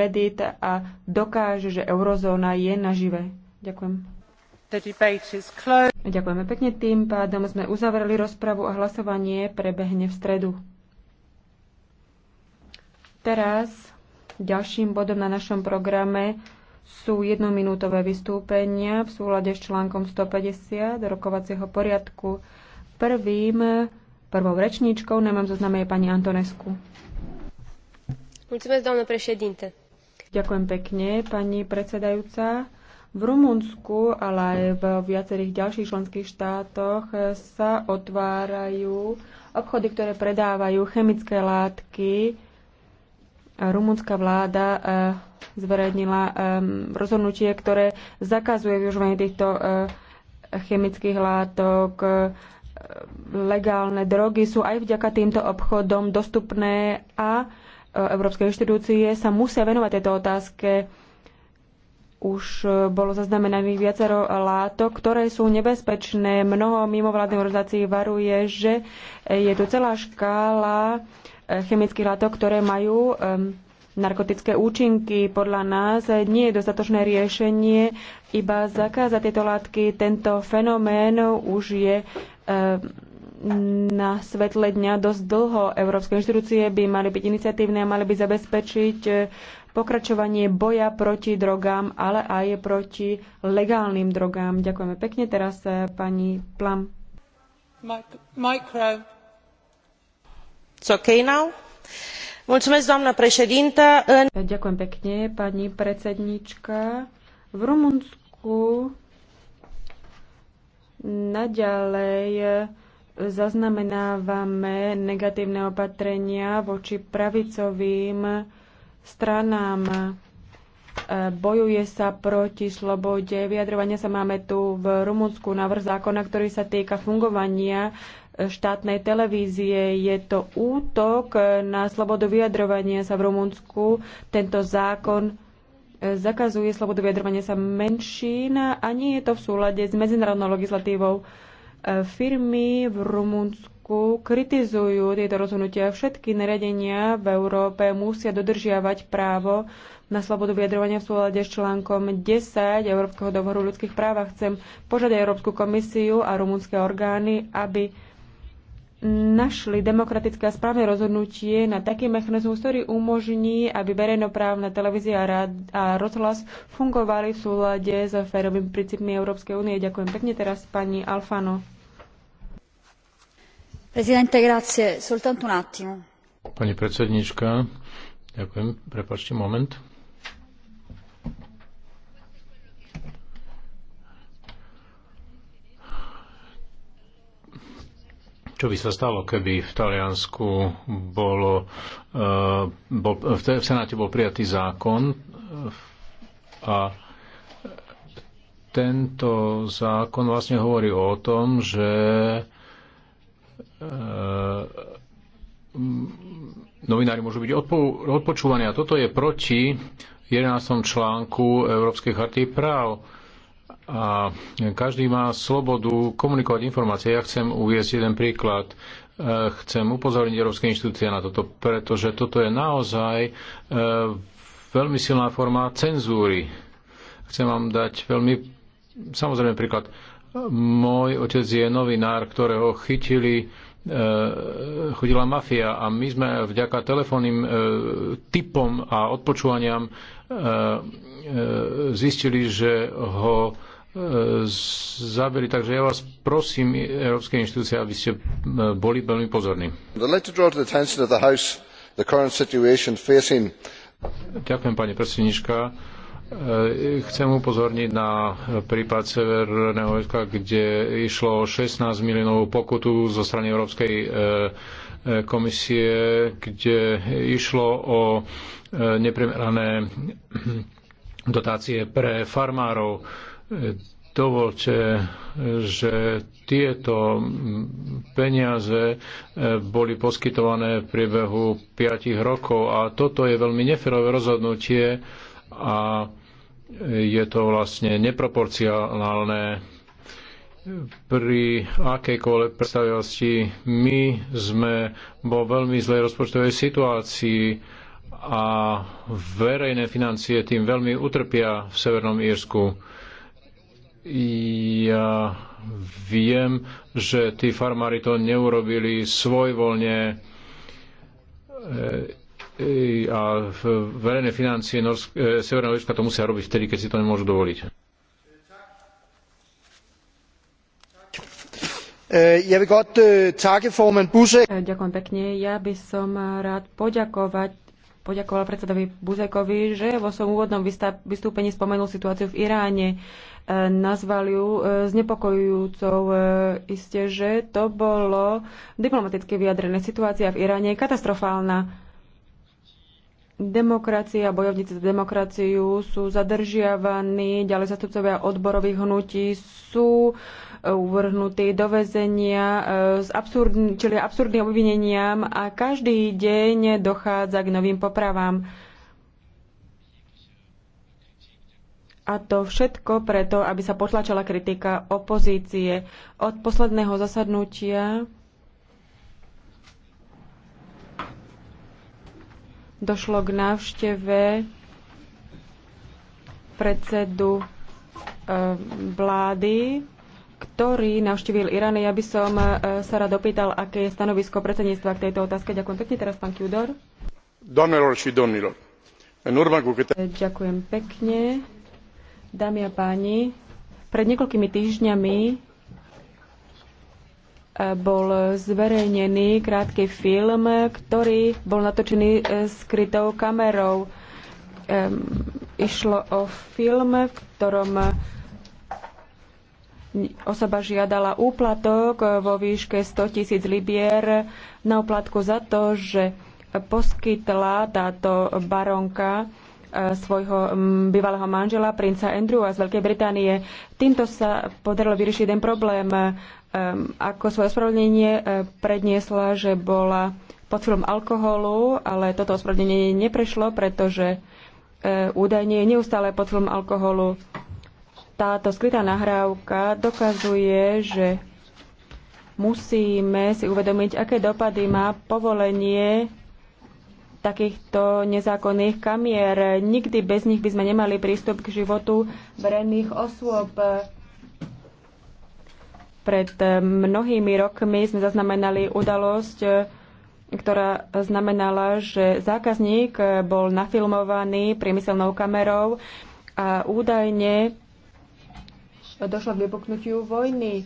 kredit a dokáže, že eurozóna je nažive. Ďakujem. Ďakujeme pekne. Tým pádom sme uzavreli rozpravu a hlasovanie prebehne v stredu. Teraz ďalším bodom na našom programe sú jednominútové vystúpenia v súlade s článkom 150 rokovacieho poriadku. Prvým, prvou rečníčkou na mám zozname je pani Antonesku. Mulțumesc, doamnă președinte Ďakujem pekne, pani predsedajúca. V Rumunsku, ale aj v viacerých ďalších členských štátoch sa otvárajú obchody, ktoré predávajú chemické látky. Rumunská vláda eh, zverejnila eh, rozhodnutie, ktoré zakazuje využívanie týchto eh, chemických látok. Legálne drogy sú aj vďaka týmto obchodom dostupné a európske inštitúcie sa musia venovať tejto otázke. Už e, bolo zaznamenaných viacero látok, ktoré sú nebezpečné. Mnoho mimovládnych organizácií varuje, že je tu celá škála e, chemických látok, ktoré majú narkotické účinky. Podľa nás nie je dostatočné riešenie iba zakázať tieto látky. Tento fenomén už je na svetle dňa dosť dlho. Európske inštitúcie by mali byť iniciatívne a mali by zabezpečiť e, pokračovanie boja proti drogám, ale aj proti legálnym drogám. Ďakujeme pekne. Teraz e, pani Plam. Micro. It's okay now? Mulțumesc, președintă. În... E, ďakujem pekne, pani predsednička. V Rumunsku naďalej zaznamenávame negatívne opatrenia voči pravicovým stranám. E, bojuje sa proti slobode vyjadrovania sa. Máme tu v Rumunsku návrh zákona, ktorý sa týka fungovania e, štátnej televízie. Je to útok e, na slobodu vyjadrovania sa v Rumunsku. Tento zákon zakazuje slobodu vyjadrovania sa menšín a nie je to v súlade s medzinárodnou legislatívou. Firmy v Rumunsku kritizujú tieto rozhodnutia. Všetky nariadenia v Európe musia dodržiavať právo na slobodu vyjadrovania v súlade s článkom 10 Európskeho dohovoru o ľudských právach. Chcem požiadať Európsku komisiu a rumunské orgány, aby našli demokratické a správne rozhodnutie na taký mechanizmus, ktorý umožní, aby verejnoprávna televízia a, rozhlas fungovali v súlade s férovými princípmi Európskej únie. Ďakujem pekne teraz pani Alfano. Prezidente, grazie. Soltanto un attimo. Pani predsednička, ďakujem. Prepačte moment. čo by sa stalo, keby v Taliansku bolo, eh, bol, v Senáte bol prijatý zákon eh, a tento zákon vlastne hovorí o tom, že eh, novinári môžu byť odpo- odpočúvaní a toto je proti 11. článku Európskej charty práv a každý má slobodu komunikovať informácie. Ja chcem uviezť jeden príklad. E, chcem upozorniť Európske inštitúcie na toto, pretože toto je naozaj e, veľmi silná forma cenzúry. Chcem vám dať veľmi, samozrejme príklad. Môj otec je novinár, ktorého chytili e, chodila mafia a my sme vďaka telefónnym typom a odpočúvaniam zistili, že ho zábery. Takže ja vás prosím, Európske inštitúcie, aby ste e, boli veľmi pozorní. Ďakujem, pani predsednička. E, chcem upozorniť na prípad Severného Irska, kde išlo 16 miliónov pokutu zo strany Európskej e, komisie, kde išlo o neprimerané dotácie pre farmárov dovolte, že tieto peniaze e, boli poskytované v priebehu 5 rokov a toto je veľmi neferové rozhodnutie a je to vlastne neproporcionálne. Pri akejkoľvek predstavivosti my sme vo veľmi zlej rozpočtovej situácii a verejné financie tým veľmi utrpia v Severnom Írsku ja viem, že tí farmári to neurobili svojvoľne e, e, a verejné financie Norsk- e, Severného Irska to musia robiť vtedy, keď si to nemôžu dovoliť. Ďakujem pekne. Ja by som rád poďakovať poďakoval predsedovi Buzekovi, že vo svojom úvodnom vystúpení spomenul situáciu v Iráne nazval ju e, znepokojujúcou. E, Isté, že to bolo diplomaticky vyjadrené. Situácia v Iráne je katastrofálna. Demokracia, bojovníci za demokraciu sú zadržiavaní, ďalej zastupcovia odborových hnutí sú e, uvrhnutí do väzenia, s absurdný, čili absurdným obvineniam a každý deň dochádza k novým popravám. A to všetko preto, aby sa potlačala kritika opozície. Od posledného zasadnutia došlo k návšteve predsedu e, vlády, ktorý navštívil Irán. Ja by som e, sa rád opýtal, aké je stanovisko predsedníctva k tejto otázke. Ďakujem pekne. Teraz pán Kudor. Ďakujem pekne. Dámy a páni, pred niekoľkými týždňami eh, bol zverejnený krátky film, ktorý bol natočený eh, skrytou kamerou. Išlo o film, v ktorom eh, osoba žiadala úplatok vo výške 100 tisíc libier na úplatku za to, že poskytla táto baronka Eh, svojho mm, bývalého manžela, princa Andrewa z Veľkej Británie. Týmto sa podarilo vyriešiť jeden problém. Eh, eh, ako svoje ospravedlnenie predniesla, že bola pod vplyvom alkoholu, ale toto ospravedlnenie neprešlo, pretože údajne je neustále pod vplyvom alkoholu. Táto skrytá nahrávka dokazuje, že musíme si uvedomiť, aké dopady má povolenie takýchto nezákonných kamier. Nikdy bez nich by sme nemali prístup k životu verejných osôb. Pred mnohými rokmi sme zaznamenali udalosť, ktorá znamenala, že zákazník bol nafilmovaný priemyselnou kamerou a údajne došlo k vypuknutiu vojny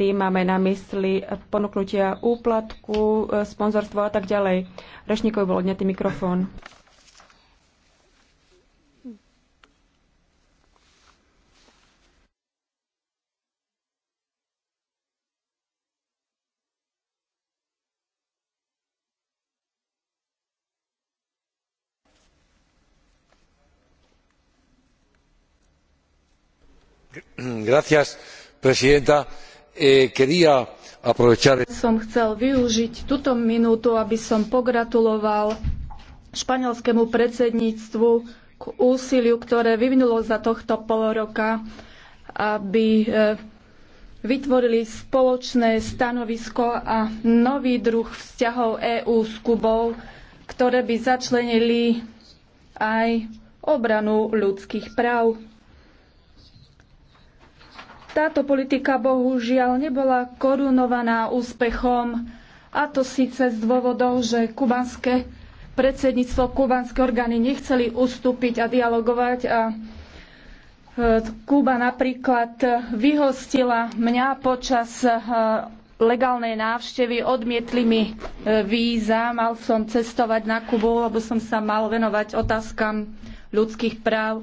tým máme na mysli ponúknutia úplatku, e, sponzorstvo a tak ďalej. Rešníkov bol odňatý mikrofón. Gracias, presidenta E, e- som chcel využiť túto minútu, aby som pogratuloval španielskému predsedníctvu k úsiliu, ktoré vyvinulo za tohto pol roka, aby e, vytvorili spoločné stanovisko a nový druh vzťahov EÚ s Kubou, ktoré by začlenili aj obranu ľudských práv. Táto politika bohužiaľ nebola korunovaná úspechom, a to síce z dôvodov, že kubanské predsedníctvo, kubanské orgány nechceli ustúpiť a dialogovať a e, Kuba napríklad vyhostila mňa počas e, legálnej návštevy, odmietli mi e, víza, mal som cestovať na Kubu, lebo som sa mal venovať otázkam ľudských práv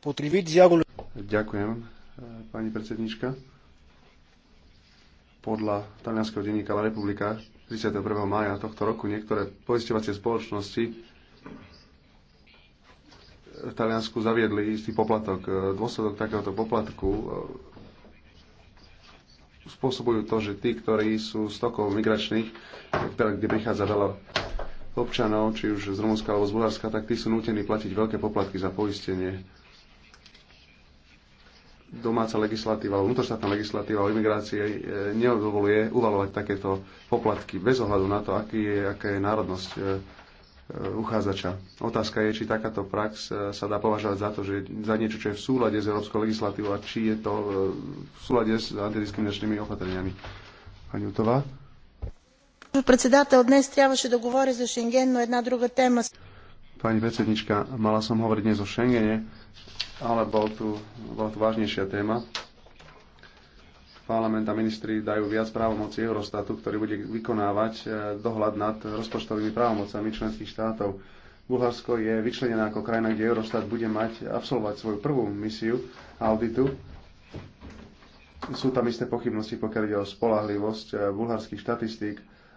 potrivit ziarului Ďakujem, pani predsednička. Podľa talianskeho denníka La Repubblica 31. mája tohto roku niektoré poisťovacie spoločnosti v Taliansku zaviedli istý poplatok. Dôsledok takéhoto poplatku spôsobujú to, že tí, ktorí sú z tokov migračných, kde prichádza veľa občanov, či už z Rumunska alebo z Bulharska, tak tí sú nútení platiť veľké poplatky za poistenie. Domáca legislatíva, vnútroštátna legislatíva o imigrácii e, nedovoluje uvalovať takéto poplatky bez ohľadu na to, aký je, aká je národnosť e, uchádzača. Otázka je, či takáto prax e, sa dá považovať za to, že za niečo, čo je v súlade s európskou legislatívou a či je to e, v súlade s antidiskriminačnými opatreniami. Pani Utová. Председател, днес трябваше да говоря за Шенген, Pani predsednička, mala som hovoriť dnes o Schengene, ale bol tu, bola tu vážnejšia téma parlament a ministri dajú viac právomocí Eurostatu, ktorý bude vykonávať e, dohľad nad rozpočtovými právomocami členských štátov. Bulharsko je vyčlenené ako krajina, kde Eurostat bude mať absolvovať svoju prvú misiu auditu. Sú tam isté pochybnosti, pokiaľ ide o spolahlivosť e, bulharských štatistík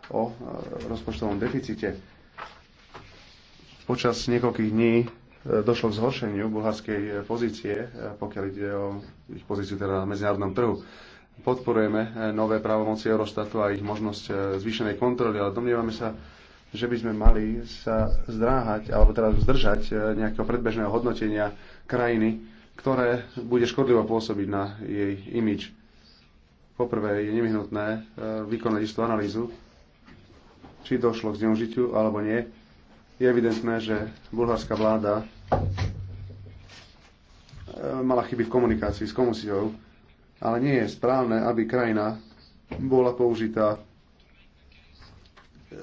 o e, rozpočtovom deficite. Počas niekoľkých dní došlo k zhoršeniu bulharskej pozície, pokiaľ ide o ich pozíciu teda na medzinárodnom trhu podporujeme eh, nové právomoci Eurostatu a ich možnosť eh, zvýšenej kontroly, ale domnievame sa, že by sme mali sa zdráhať, alebo teda zdržať eh, nejakého predbežného hodnotenia krajiny, ktoré bude škodlivo pôsobiť na jej imič. Poprvé je nevyhnutné vykonať istú analýzu, či došlo k zneužitiu alebo nie. Je evidentné, že bulharská vláda mala chyby v komunikácii s komisiou ale nie je správne, aby krajina bola použitá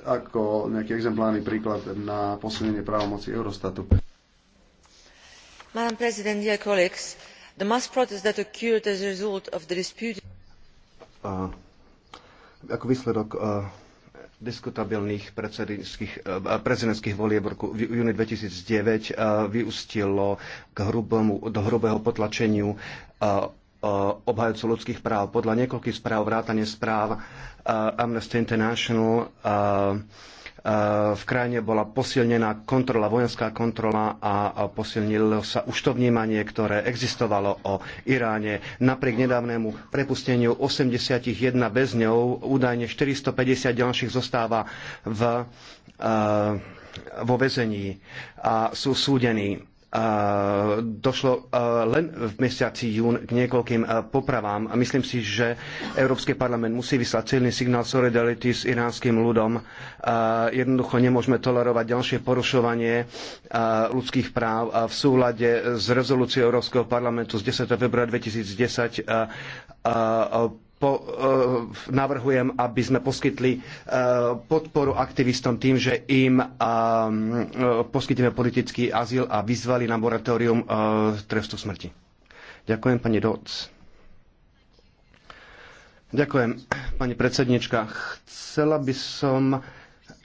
ako nejaký exemplárny príklad na posilnenie právomoci Eurostatu. Madam President, dear colleagues, the mass protests that occurred as a result of the dispute... Uh, ako výsledok uh, diskutabilných prezidentských volieb v roku v júni 2009 vyústilo k hrubomu, do hrubého potlačeniu Eh, obhajcu ľudských práv. Podľa niekoľkých správ, vrátane správ eh, Amnesty International, eh, v krajine bola posilnená kontrola, vojenská kontrola a posilnilo sa už to vnímanie, ktoré existovalo o Iráne. Napriek nedávnemu prepusteniu 81 väzňov, údajne 450 ďalších zostáva v, vo väzení a sú súdení došlo len v mesiaci jún k niekoľkým popravám a myslím si, že Európsky parlament musí vyslať silný signál solidarity s iránskym ľudom. Jednoducho nemôžeme tolerovať ďalšie porušovanie ľudských práv a v súlade s rezolúciou Európskeho parlamentu z 10. februára 2010 po, e, navrhujem, aby sme poskytli e, podporu aktivistom tým, že im e, poskytneme politický azyl a vyzvali na moratórium trestu smrti. Ďakujem, pani Doc. Ďakujem, pani predsednička. Chcela by som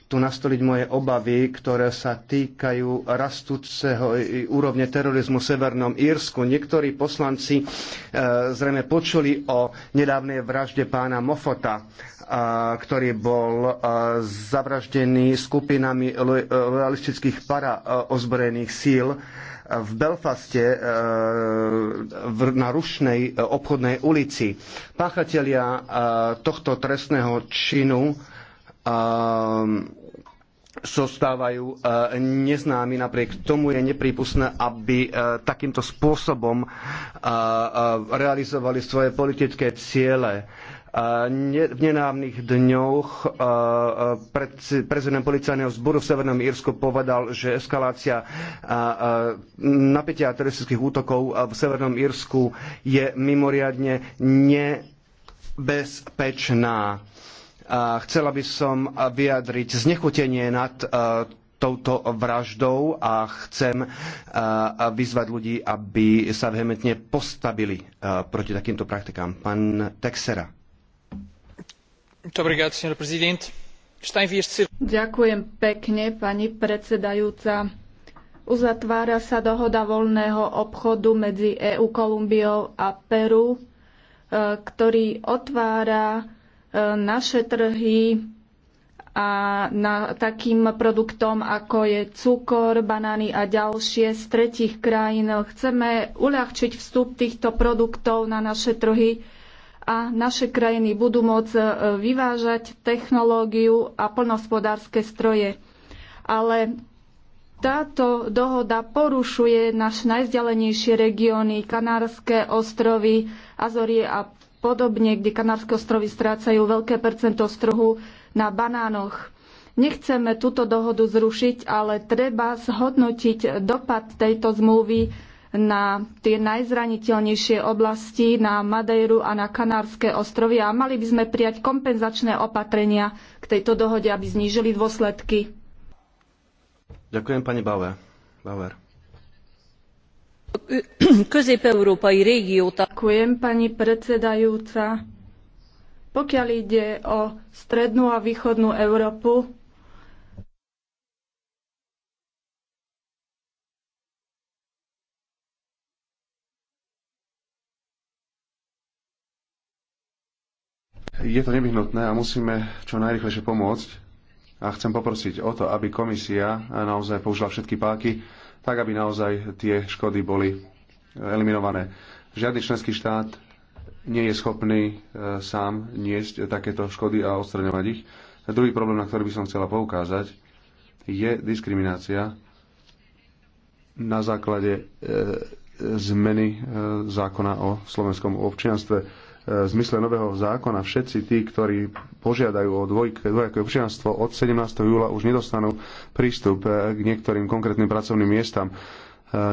tu nastoliť moje obavy, ktoré sa týkajú rastúceho úrovne terorizmu v Severnom Írsku. Niektorí poslanci e, zrejme počuli o nedávnej vražde pána Mofota, a, e, ktorý bol a, e, zavraždený skupinami realistických para e, ozbrojených síl v Belfaste na rušnej obchodnej ulici. Páchatelia tohto trestného činu Ehm, zostávajú eh, neznámi. Napriek tomu je neprípustné, aby eh, takýmto spôsobom eh, realizovali svoje politické ciele. V nenávnych dňoch prezident policajného zboru v Severnom Írsku povedal, že eskalácia napätia teroristických útokov v Severnom Írsku je mimoriadne nebezpečná Chcela by som vyjadriť znechutenie nad e, touto vraždou a chcem e, vyzvať ľudí, aby sa vehementne postavili e, proti takýmto praktikám. Pán Texera. Ďakujem pekne, pani predsedajúca. Uzatvára sa dohoda voľného obchodu medzi EÚ, Kolumbiou a Peru, ktorý otvára E, naše trhy a na takým produktom, ako je cukor, banány a ďalšie z tretich krajín. Chceme uľahčiť vstup týchto produktov na naše trhy a naše krajiny budú môcť e, vyvážať technológiu a plnospodárske stroje. Ale táto dohoda porušuje naš najzdelenejšie regióny, Kanárske ostrovy, Azorie a podobne, kde Kanárske ostrovy strácajú veľké percento z trhu na banánoch. Nechceme túto dohodu zrušiť, ale treba zhodnotiť dopad tejto zmluvy na tie najzraniteľnejšie oblasti, na Madejru a na Kanárske ostrovy a mali by sme prijať kompenzačné opatrenia k tejto dohode, aby znížili dôsledky. Ďakujem pani Bauer. Bauer közép európai Ďakujem, pani predsedajúca. Pokiaľ ide o strednú a východnú Európu, je to nevyhnutné a musíme čo najrychlejšie pomôcť. A chcem poprosiť o to, aby komisia naozaj použila všetky páky, tak aby naozaj tie škody boli eh, eliminované. Žiadny členský štát nie je schopný eh, sám niesť takéto škody a odstraňovať ich. A druhý problém, na ktorý by som chcela poukázať, je diskriminácia na základe eh, zmeny zákona o slovenskom občianstve v zmysle nového zákona všetci tí, ktorí požiadajú o dvojaké občianstvo od 17. júla už nedostanú prístup e, k niektorým konkrétnym pracovným miestam, e,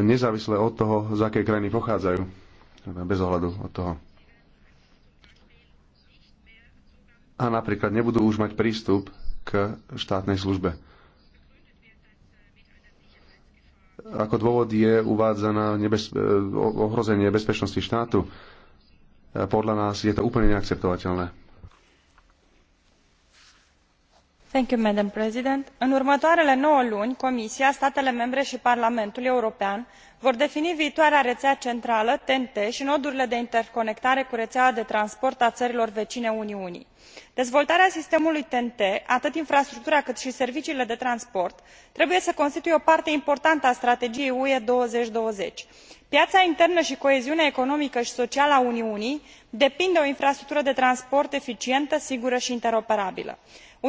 nezávisle od toho, z akej krajiny pochádzajú. Teda bez ohľadu od toho. A napríklad nebudú už mať prístup k štátnej službe. Ako dôvod je uvádzaná nebez... E, ohrozenie bezpečnosti štátu podľa nás je to úplne neakceptovateľné. în următoarele nouă luni comisia statele membre i parlamentul european vor defini viitoarea reea centrală ten t i nodurile de interconectare cu reeaua de transport a ărilor vecine uniunii. dezvoltarea sistemului ten t atât infrastructura cât i serviciile de transport trebuie să constituie o parte importantă a strategiei ue. două mii douăzeci piaa internă i coeziunea economică i socială a uniunii depind de o infrastructură de transport eficientă sigură i interoperabilă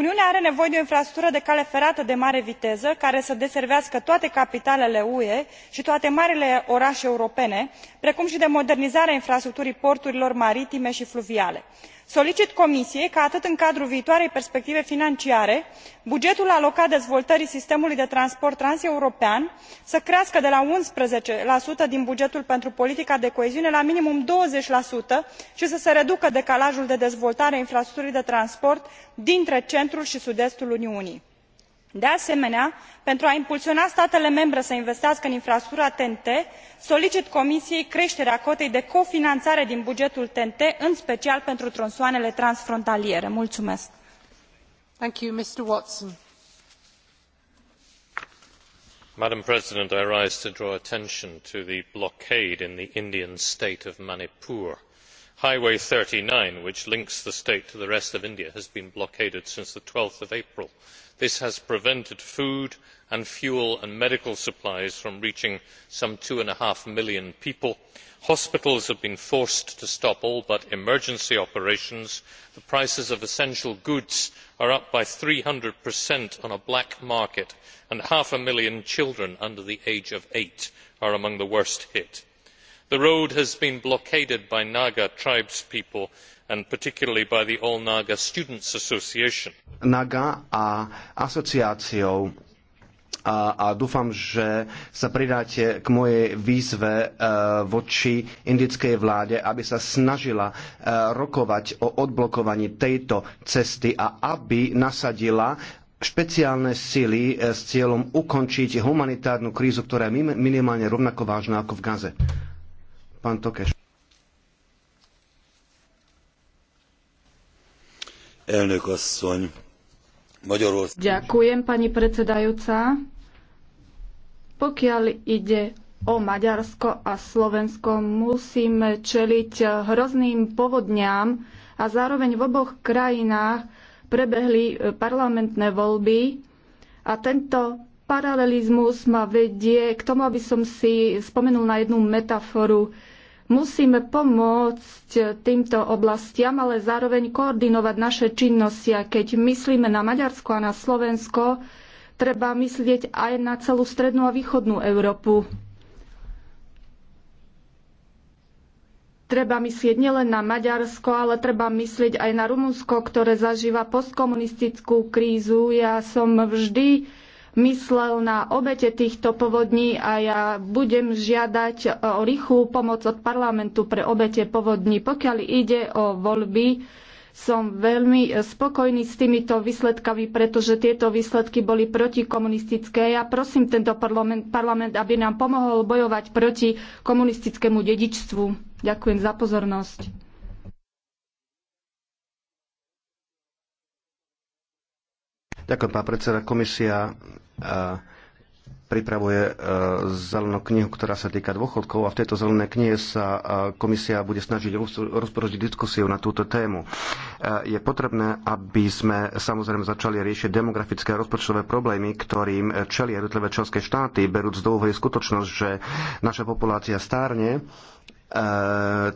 uniunea are nevoie de o infrastructură de cale ferată de mare viteză care să deservească toate capitalele ue i toate marile orae europene precum i de modernizarea infrastructurii porturilor maritime i fluviale solicit comisiei ca atât în cadrul viitoarei perspective financiare bugetul alocat dezvoltării sistemului de transport transeuropean să crească de la unsprezece din bugetul pentru politica de coeziune la minimum douăzeci i să se reducă decalajul de dezvoltare a infrastructurii de transport dintre centrul i sud estul uniunii de asemenea pentru a impulsiona statele membre să investească în infrastructura ten t solicit comisiei creterea cotei de cofinanare din bugetul ten t în special pentru tronsoanele transfrontaliere. mulumesc. madam president i rise to draw attention to the blockade in the indian state of manipur. highway thirty nine which links the state to the rest of india has been blockaded since twelve april this has prevented food and fuel and medical supplies from reaching some two and a half million people hospitals have been forced to stop all but emergency operations the prices of essential goods are up by three hundred on a black market and half a million children under the age of eight are among the worst hit. the road has been blockaded by naga tribespeople and particularly by the All Naga Students Association. Naga a asociáciou a, a dúfam, že sa pridáte k mojej výzve e, voči indickej vláde, aby sa snažila e, rokovať o odblokovaní tejto cesty a aby nasadila špeciálne sily e, s cieľom ukončiť humanitárnu krízu, ktorá je minimálne rovnako vážna ako v Gaze. Pán Tokeš. Ďakujem, pani predsedajúca. Pokiaľ ide o Maďarsko a Slovensko, musíme čeliť hrozným povodňam a zároveň v oboch krajinách prebehli e, parlamentné voľby a tento paralelizmus ma vedie k tomu, aby som si spomenul na jednu metaforu Musíme pomôcť týmto oblastiam, ale zároveň koordinovať naše činnosti. A keď myslíme na Maďarsko a na Slovensko, treba myslieť aj na celú strednú a východnú Európu. Treba myslieť nielen na Maďarsko, ale treba myslieť aj na Rumunsko, ktoré zažíva postkomunistickú krízu. Ja som vždy myslel na obete týchto povodní a ja budem žiadať e, o rýchlu pomoc od parlamentu pre obete povodní. Pokiaľ ide o voľby, som veľmi e, spokojný s týmito výsledkami, pretože tieto výsledky boli protikomunistické. Ja prosím tento parlament, parlament, aby nám pomohol bojovať proti komunistickému dedičstvu. Ďakujem za pozornosť. Ďakujem, pán predseda. Komisia pripravuje e, zelenú knihu, ktorá sa týka dôchodkov a v tejto zelenej knihe sa e, komisia bude snažiť rozporožiť diskusiu na túto tému. E, je potrebné, aby sme samozrejme začali riešiť demografické a rozpočtové problémy, ktorým čelia jednotlivé členské štáty, berúc do úvahy skutočnosť, že naša populácia stárne E,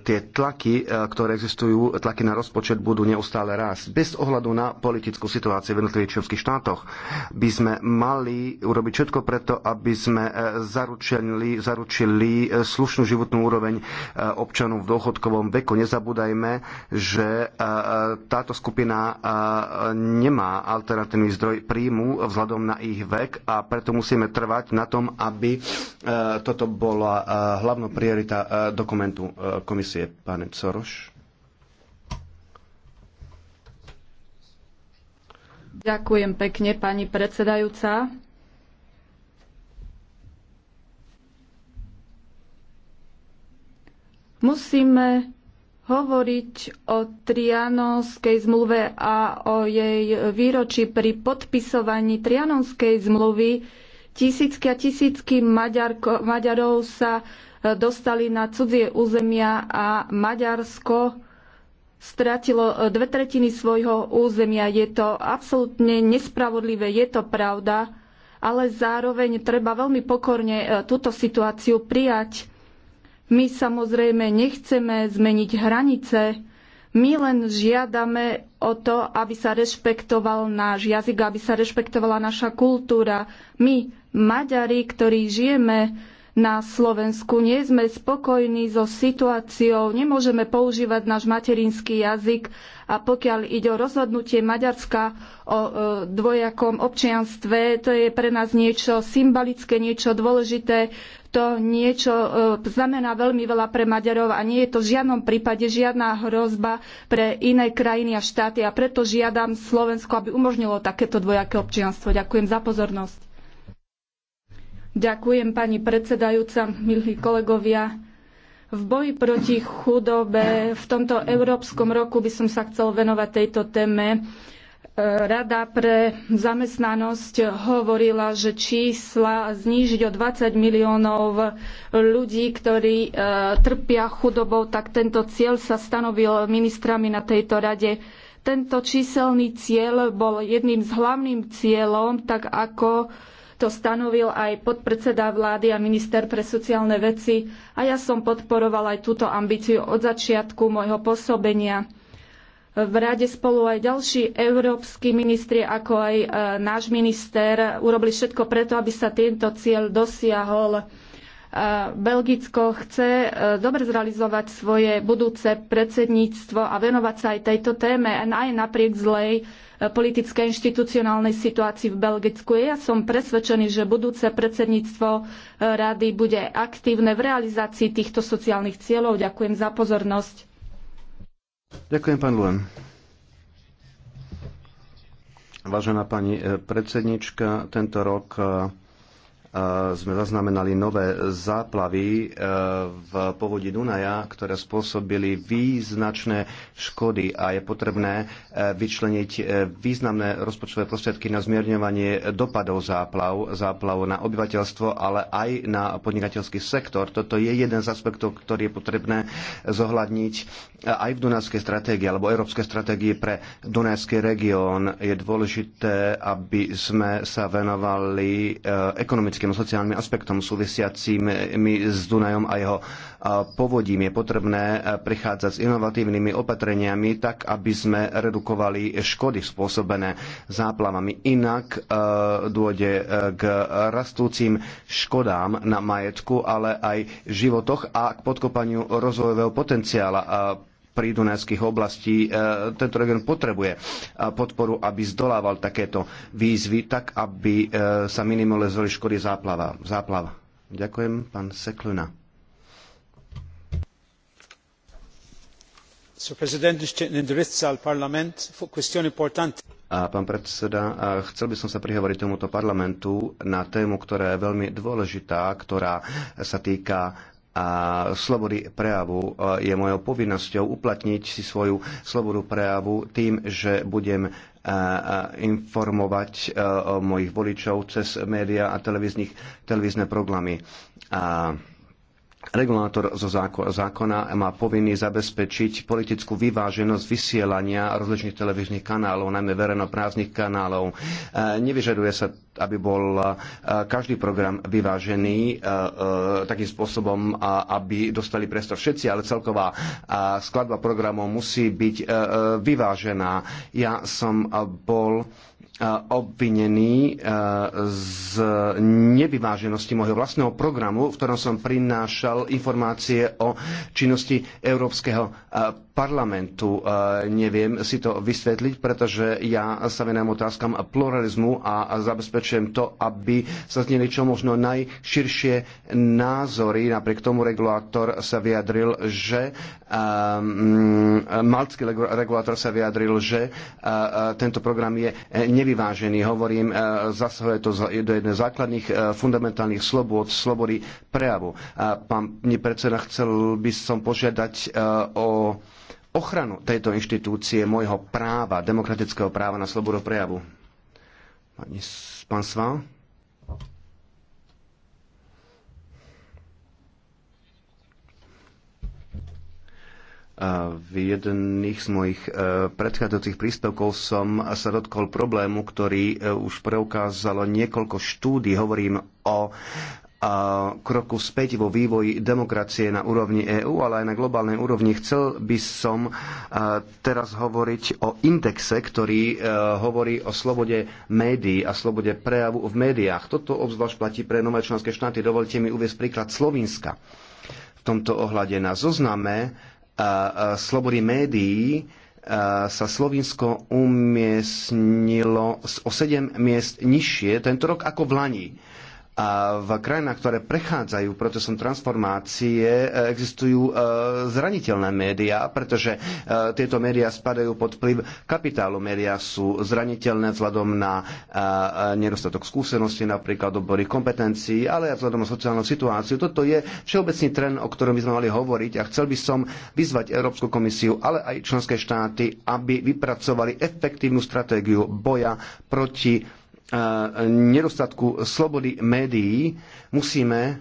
tie tlaky, e, ktoré existujú, tlaky na rozpočet budú neustále rásť. Bez ohľadu na politickú situáciu v jednotlivých členských štátoch by sme mali urobiť všetko preto, aby sme e, zaručili, zaručili slušnú životnú úroveň občanov v dôchodkovom veku. Nezabúdajme, že táto skupina nemá alternatívny zdroj príjmu vzhľadom na ich vek a preto musíme trvať na tom, aby toto bola hlavná priorita dokumentu parlamentu e, komisie, pán Soroš. Ďakujem pekne, pani predsedajúca. Musíme hovoriť o Trianonskej zmluve a o jej výročí pri podpisovaní Trianonskej zmluvy. Tisícky a tisícky Maďarko, Maďarov sa dostali na cudzie územia a Maďarsko stratilo e, dve tretiny svojho územia. Je to absolútne nespravodlivé, je to pravda, ale zároveň treba veľmi pokorne e, túto situáciu prijať. My samozrejme nechceme zmeniť hranice, my len žiadame o to, aby sa rešpektoval náš jazyk, aby sa rešpektovala naša kultúra. My, Maďari, ktorí žijeme na Slovensku. Nie sme spokojní so situáciou, nemôžeme používať náš materinský jazyk a pokiaľ ide o rozhodnutie Maďarska o e, dvojakom občianstve, to je pre nás niečo symbolické, niečo dôležité. To niečo e, znamená veľmi veľa pre Maďarov a nie je to v žiadnom prípade žiadna hrozba pre iné krajiny a štáty a preto žiadam Slovensko, aby umožnilo takéto dvojaké občianstvo. Ďakujem za pozornosť. Ďakujem pani predsedajúca, milí kolegovia. V boji proti chudobe v tomto Európskom roku by som sa chcel venovať tejto téme. E, Rada pre zamestnanosť hovorila, že čísla znížiť o 20 miliónov ľudí, ktorí e, trpia chudobou, tak tento cieľ sa stanovil ministrami na tejto rade. Tento číselný cieľ bol jedným z hlavným cieľom, tak ako to stanovil aj podpredseda vlády a minister pre sociálne veci a ja som podporoval aj túto ambíciu od začiatku môjho pôsobenia. V rade spolu aj ďalší európsky ministri, ako aj e, náš minister, urobili všetko preto, aby sa tento cieľ dosiahol. E, Belgicko chce e, dobre zrealizovať svoje budúce predsedníctvo a venovať sa aj tejto téme aj napriek zlej politickej inštitucionálnej situácii v Belgicku. Ja som presvedčený, že budúce predsedníctvo e, rady bude aktívne v realizácii týchto sociálnych cieľov. Ďakujem za pozornosť. Ďakujem, pán Luen. Vážená pani e, predsednička, tento rok e, sme zaznamenali nové záplavy e, v povodí Dunaja, ktoré spôsobili význačné škody a je potrebné e, vyčleniť e, významné rozpočtové prostriedky na zmierňovanie dopadov záplav, záplav na obyvateľstvo, ale aj na podnikateľský sektor. Toto je jeden z aspektov, ktorý je potrebné zohľadniť aj v Dunajskej stratégii alebo Európskej stratégii pre Dunajský región. Je dôležité, aby sme sa venovali ekonomickým ďalším sociálnym aspektom súvisiacimi s Dunajom a jeho povodím. Je potrebné prichádzať s inovatívnymi opatreniami tak, aby sme redukovali škody spôsobené záplavami. Inak dôjde e, k rastúcim škodám na majetku, ale aj životoch a k podkopaniu rozvojového potenciála prídunajských oblastí e, tento región potrebuje e, podporu, aby zdolával takéto výzvy, tak aby e, sa minimalizovali škody záplava. záplava. Ďakujem, pán Sekluna. pán predseda, chcel by som sa prihovoriť tomuto parlamentu na tému, ktorá je veľmi dôležitá, ktorá sa týka a slobody prejavu. E, je mojou povinnosťou uplatniť si svoju slobodu prejavu tým, že budem e, e, informovať mojich voličov cez médiá a televízne programy. A Regulátor zo zákona má povinný zabezpečiť politickú vyváženosť vysielania rozličných televíznych kanálov, najmä verejnoprávnych kanálov. E, nevyžaduje sa, aby bol e, každý program vyvážený e, takým spôsobom, aby dostali priestor všetci, ale celková skladba programov musí byť vyvážená. Ja som bol obvinený z nevyváženosti môjho vlastného programu, v ktorom som prinášal informácie o činnosti Európskeho parlamentu. E, neviem si to vysvetliť, pretože ja sa venujem otázkam pluralizmu a zabezpečujem to, aby sa zneli čo možno najširšie názory. Napriek tomu regulátor sa vyjadril, že e, mm, maltský regulátor sa vyjadril, že e, tento program je nevyvážený. Hovorím, zasahuje to do jednej z základných fundamentálnych slobôd, slobody prejavu. pán predseda, chcel by som požiadať o ochranu tejto inštitúcie, môjho práva, demokratického práva na slobodu prejavu. Pani, pán Sván? V jedných z mojich e, predchádzajúcich príspevkov som sa dotkol problému, ktorý e, už preukázalo niekoľko štúdí. Hovorím o a kroku späť vo vývoji demokracie na úrovni EÚ, ale aj na globálnej úrovni. Chcel by som teraz hovoriť o indexe, ktorý e, hovorí o slobode médií a slobode prejavu v médiách. Toto obzvlášť platí pre nové členské štáty. Dovolte mi uvieť príklad Slovinska. V tomto ohľade na zozname slobody médií sa Slovinsko umiestnilo o 7 miest nižšie tento rok ako v Lani a v krajinách, ktoré prechádzajú procesom transformácie, e, existujú e, zraniteľné médiá, pretože e, tieto médiá spadajú pod vplyv kapitálu. Médiá sú zraniteľné vzhľadom na nedostatok skúsenosti, napríklad obory kompetencií, ale aj vzhľadom na sociálnu situáciu. Toto je všeobecný trend, o ktorom by sme mali hovoriť a chcel by som vyzvať Európsku komisiu, ale aj členské štáty, aby vypracovali efektívnu stratégiu boja proti nedostatku slobody médií musíme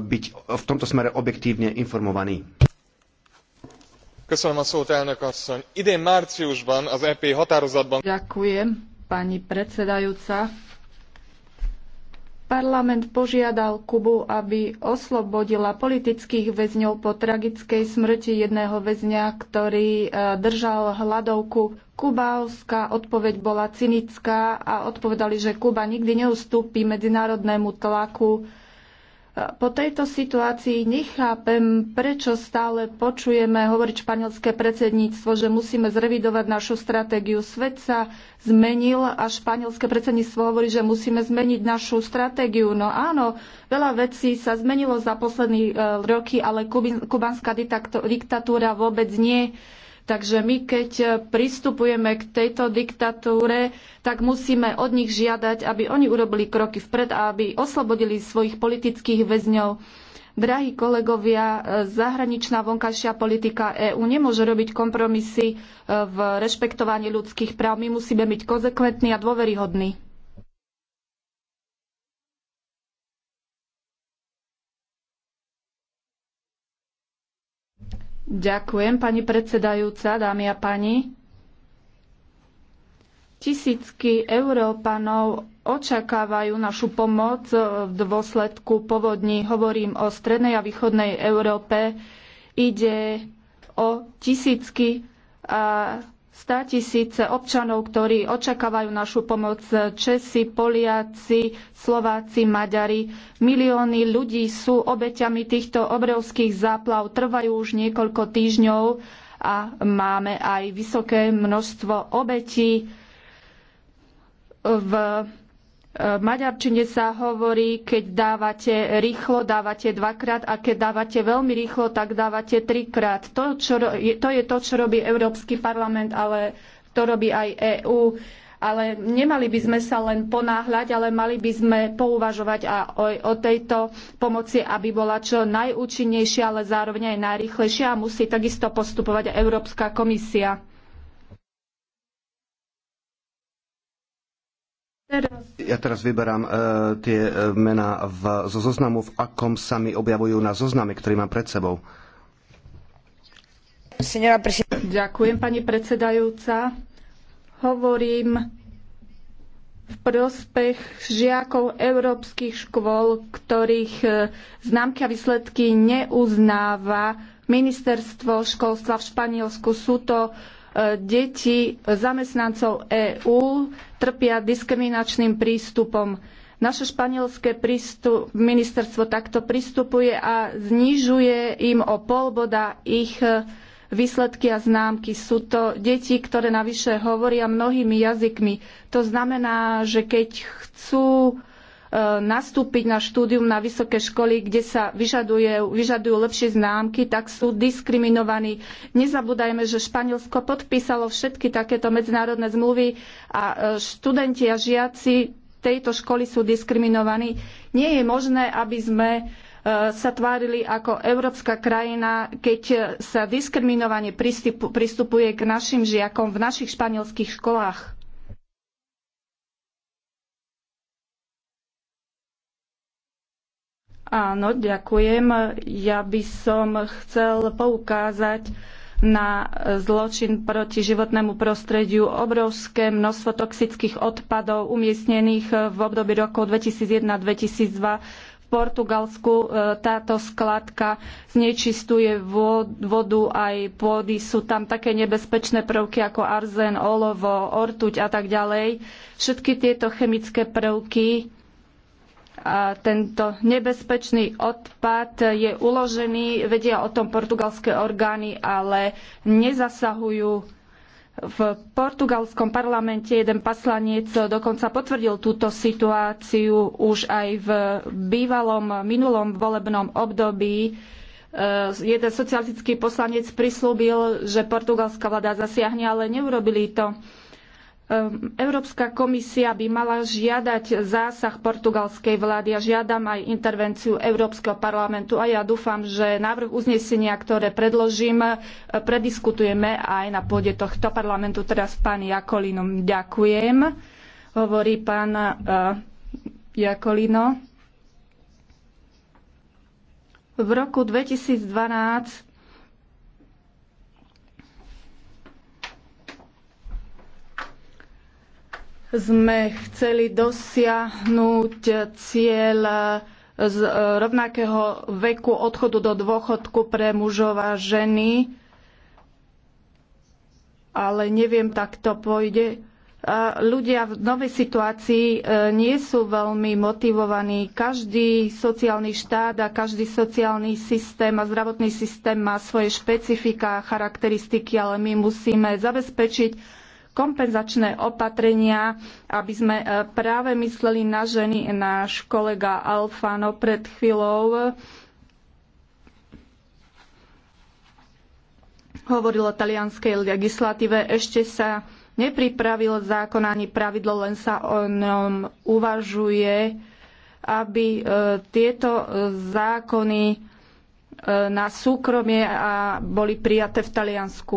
byť v tomto smere objektívne informovaní. Köszönöm a szót, elnök asszony. Idén márciusban az EP határozatban... Ďakujem, pani predsedajúca. Parlament požiadal Kubu, aby oslobodila politických väzňov po tragickej smrti jedného väzňa, ktorý e, držal hladovku. Kubávska odpoveď bola cynická a odpovedali, že Kuba nikdy neustúpi medzinárodnému tlaku po tejto situácii nechápem, prečo stále počujeme hovoriť španielské predsedníctvo, že musíme zrevidovať našu stratégiu. Svet sa zmenil a španielské predsedníctvo hovorí, že musíme zmeniť našu stratégiu. No áno, veľa vecí sa zmenilo za posledné e, roky, ale kubanská diktatúra vôbec nie. Takže my, keď pristupujeme k tejto diktatúre, tak musíme od nich žiadať, aby oni urobili kroky vpred a aby oslobodili svojich politických väzňov. Drahí kolegovia, zahraničná vonkajšia politika EÚ nemôže robiť kompromisy eh, v rešpektovaní ľudských práv. My musíme byť konzekventní a dôveryhodní. Ďakujem, pani predsedajúca, dámy a pani. Tisícky Európanov očakávajú našu pomoc v dôsledku povodní. Hovorím o strednej a východnej Európe. Ide o tisícky a 100 tisíce občanov, ktorí očakávajú našu pomoc. Česi, Poliaci, Slováci, Maďari. Milióny ľudí sú obeťami týchto obrovských záplav. Trvajú už niekoľko týždňov a máme aj vysoké množstvo obetí v maďarčine sa hovorí, keď dávate rýchlo, dávate dvakrát a keď dávate veľmi rýchlo, tak dávate trikrát. To, čo, to je to, čo robí Európsky parlament, ale to robí aj EÚ. Ale nemali by sme sa len ponáhľať, ale mali by sme pouvažovať a o, o tejto pomoci, aby bola čo najúčinnejšia, ale zároveň aj najrychlejšia a musí takisto postupovať Európska komisia. Ja teraz vyberám e, tie e, mená v, zo zoznamu, v akom sa mi objavujú na zozname, ktorý mám pred sebou. Ďakujem, pani predsedajúca. Hovorím v prospech žiakov európskych škôl, ktorých e, známky a výsledky neuznáva ministerstvo školstva v Španielsku. Sú to E, deti zamestnancov EÚ trpia diskriminačným prístupom. Naše španielské prístup, ministerstvo takto pristupuje a znižuje im o pol boda ich e, výsledky a známky. Sú to deti, ktoré navyše hovoria mnohými jazykmi. To znamená, že keď chcú nastúpiť na štúdium na vysoké školy, kde sa vyžaduje, vyžadujú lepšie známky, tak sú diskriminovaní. Nezabúdajme, že Španielsko podpísalo všetky takéto medzinárodné zmluvy a e, študenti a žiaci tejto školy sú diskriminovaní. Nie je možné, aby sme e, sa tvárili ako európska krajina, keď sa diskriminovane pristupuje k našim žiakom v našich španielských školách. Áno, ďakujem. Ja by som chcel poukázať na zločin proti životnému prostrediu obrovské množstvo toxických odpadov umiestnených v období rokov 2001-2002. V Portugalsku e, táto skladka znečistuje vodu aj pôdy. Sú tam také nebezpečné prvky ako arzén, olovo, ortuť a tak ďalej. Všetky tieto chemické prvky tento nebezpečný odpad je uložený, vedia o tom portugalské orgány, ale nezasahujú. V portugalskom parlamente jeden poslanec dokonca potvrdil túto situáciu už aj v bývalom minulom volebnom období. E, jeden socialistický poslanec prislúbil, že portugalská vláda zasiahne, ale neurobili to. Ehm, Európska komisia by mala žiadať zásah portugalskej vlády a žiadam aj intervenciu Európskeho parlamentu a ja dúfam, že návrh uznesenia, ktoré predložím, eh, prediskutujeme aj na pôde tohto parlamentu. Teraz pán jakolinom ďakujem. Hovorí pán eh, Jakolino. V roku 2012 sme chceli dosiahnuť cieľ z e, rovnakého veku odchodu do dôchodku pre mužov a ženy, ale neviem, tak to pôjde. Ľudia v novej situácii e, nie sú veľmi motivovaní. Každý sociálny štát a každý sociálny systém a zdravotný systém má svoje špecifika a charakteristiky, ale my musíme zabezpečiť kompenzačné opatrenia, aby sme e, práve mysleli na ženy. Náš kolega Alfano pred chvíľou e, hovoril o talianskej legislatíve. Ešte sa nepripravil zákon ani pravidlo, len sa o ňom uvažuje, aby e, tieto zákony na súkromie a boli prijaté v Taliansku.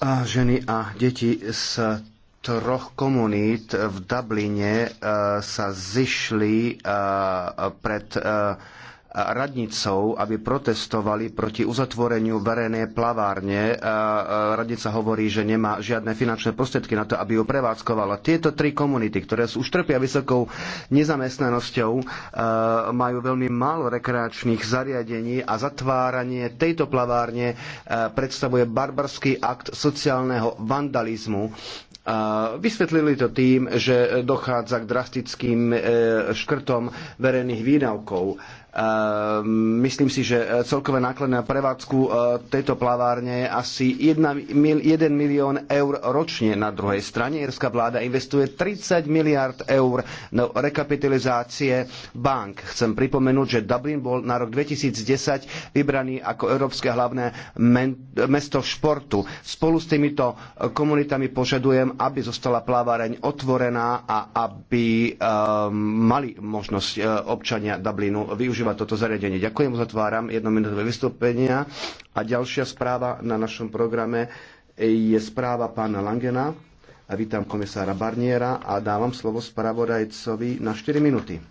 a ženy a deti z troch komunít v Dubline eh, sa zišli eh, pred eh, radnicou, aby protestovali proti uzatvoreniu verejnej plavárne. Radnica hovorí, že nemá žiadne finančné prostriedky na to, aby ju prevádzkovala. Tieto tri komunity, ktoré už trpia vysokou nezamestnanosťou, majú veľmi málo rekreačných zariadení a zatváranie tejto plavárne predstavuje barbarský akt sociálneho vandalizmu. vysvetlili to tým, že dochádza k drastickým e, škrtom verejných výdavkov Ehm, myslím si, že e, celkové náklady na prevádzku e, tejto plavárne je asi 1 milión eur ročne. Na druhej strane írska vláda investuje 30 miliard eur do rekapitalizácie bank. Chcem pripomenúť, že Dublin bol na rok 2010 vybraný ako európske hlavné mesto športu. Spolu s týmito e, komunitami požadujem, aby zostala plaváreň otvorená a aby ehm, mali možnosť občania Dublinu využiť používať toto zariadenie. Ďakujem, uzatváram jednominútové vystúpenia. A ďalšia správa na našom programe je správa pána Langena. A vítam komisára Barniera a dávam slovo spravodajcovi na 4 minúty.